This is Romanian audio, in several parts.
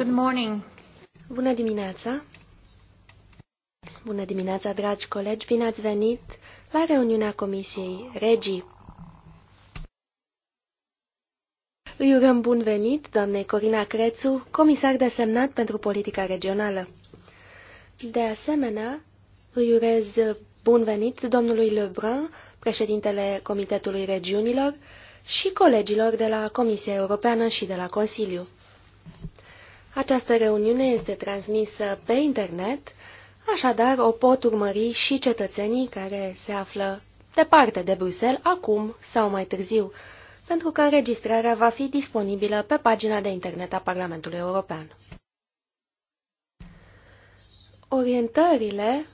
Good morning. Bună dimineața. Bună dimineața, dragi colegi. Bine ați venit la reuniunea Comisiei Regii. Îi urăm bun venit, doamnei Corina Crețu, comisar desemnat pentru politica regională. De asemenea, îi urez bun venit domnului Lebrun, președintele Comitetului Regiunilor, și colegilor de la Comisia Europeană și de la Consiliu. Această reuniune este transmisă pe internet, așadar o pot urmări și cetățenii care se află departe de Bruxelles acum sau mai târziu, pentru că înregistrarea va fi disponibilă pe pagina de internet a Parlamentului European. Orientările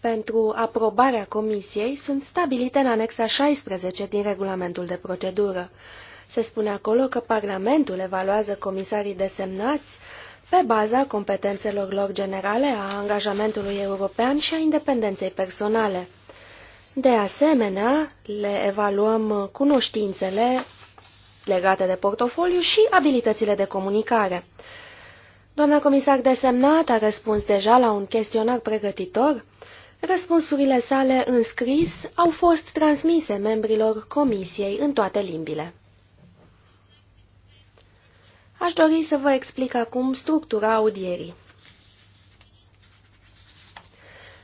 pentru aprobarea Comisiei sunt stabilite în anexa 16 din regulamentul de procedură. Se spune acolo că Parlamentul evaluează comisarii desemnați pe baza competențelor lor generale, a angajamentului european și a independenței personale. De asemenea, le evaluăm cunoștințele legate de portofoliu și abilitățile de comunicare. Doamna comisar desemnat a răspuns deja la un chestionar pregătitor. Răspunsurile sale în scris au fost transmise membrilor comisiei în toate limbile. Aș dori să vă explic acum structura audierii.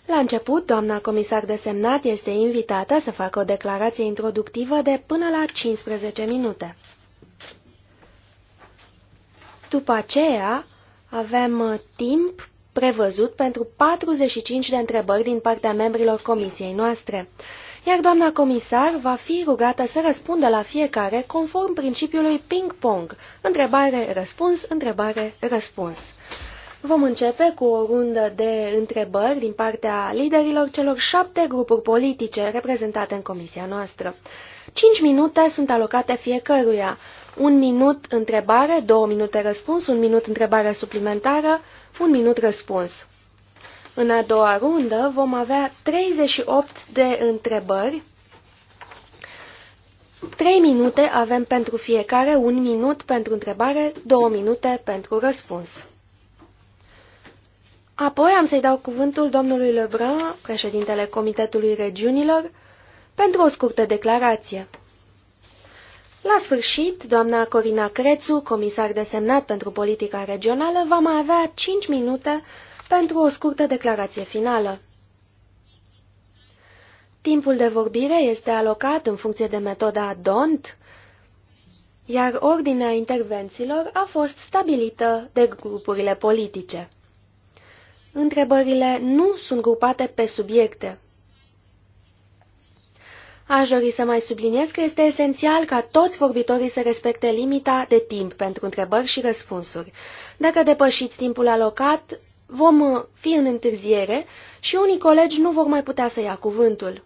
La început, doamna comisar de Semnat este invitată să facă o declarație introductivă de până la 15 minute. După aceea, avem uh, timp prevăzut pentru 45 de întrebări din partea membrilor comisiei noastre iar doamna comisar va fi rugată să răspundă la fiecare conform principiului ping-pong, întrebare-răspuns, întrebare-răspuns. Vom începe cu o rundă de întrebări din partea liderilor celor șapte grupuri politice reprezentate în comisia noastră. Cinci minute sunt alocate fiecăruia. Un minut întrebare, două minute răspuns, un minut întrebare suplimentară, un minut răspuns. În a doua rundă vom avea 38 de întrebări. 3 minute avem pentru fiecare, 1 minut pentru întrebare, 2 minute pentru răspuns. Apoi am să-i dau cuvântul domnului Lebrun, președintele Comitetului Regiunilor, pentru o scurtă declarație. La sfârșit, doamna Corina Crețu, comisar desemnat pentru politica regională, va mai avea 5 minute pentru o scurtă declarație finală. Timpul de vorbire este alocat în funcție de metoda DONT, iar ordinea intervențiilor a fost stabilită de grupurile politice. Întrebările nu sunt grupate pe subiecte. Aș dori să mai subliniez că este esențial ca toți vorbitorii să respecte limita de timp pentru întrebări și răspunsuri. Dacă depășiți timpul alocat, vom uh, fi în întârziere și unii colegi nu vor mai putea să ia cuvântul.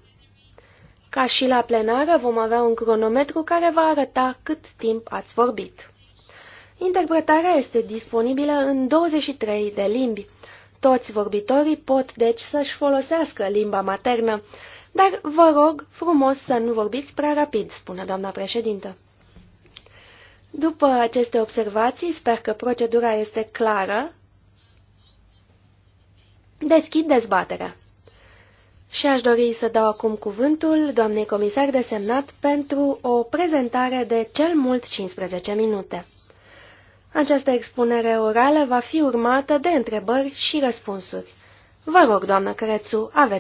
Ca și la plenară, vom avea un cronometru care va arăta cât timp ați vorbit. Interpretarea este disponibilă în 23 de limbi. Toți vorbitorii pot, deci, să-și folosească limba maternă, dar vă rog frumos să nu vorbiți prea rapid, spune doamna președintă. După aceste observații, sper că procedura este clară Deschid dezbaterea. Și aș dori să dau acum cuvântul doamnei comisar desemnat pentru o prezentare de cel mult 15 minute. Această expunere orală va fi urmată de întrebări și răspunsuri. Vă rog, doamnă Crețu, aveți